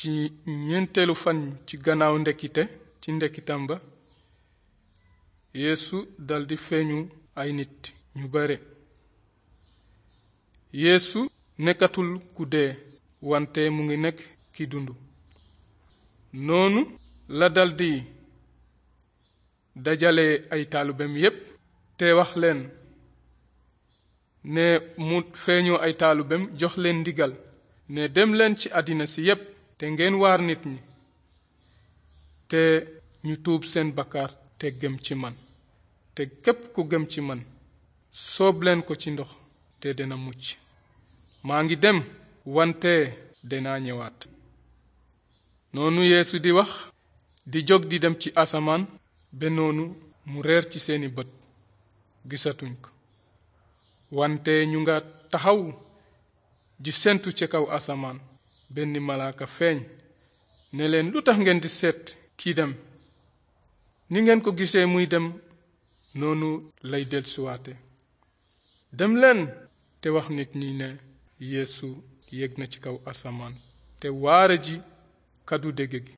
ci ñenteelu fan ci gannaaw ndekkite ci ndekkitam ba yeesu daldi feeñu ay nit ñu bare yéesu nekkatul ku dee wante mu ngi nekk ki dund noonu la daldi dajale ay taalubem yépp te wax leen ne mu feeñoo ay taalubem jox leen ndigal ne dem leen ci àddina si yépp te ngeen waar nit ñi te ñu tuub seen bakkaar te gëm ci man te képp ku gëm ci man soobleen ko ci ndox te dina mucc maa ngi dem wante dinaa ñëwaat noonu yéesu di wax di jóg di dem ci asamaan ba noonu mu reer ci seeni bët gisatuñ ko wante ñu nga taxaw di sentu ci kaw asamaan benn malaaka feeñ ne leen lu tax ngeen di seet kii dem ni ngeen ko gisee muy dem noonu lay dellusiwaate dem leen te wax nit ñi ne yéesu yéeg na ci kaw asamaan te waare ji kàddu dégg gi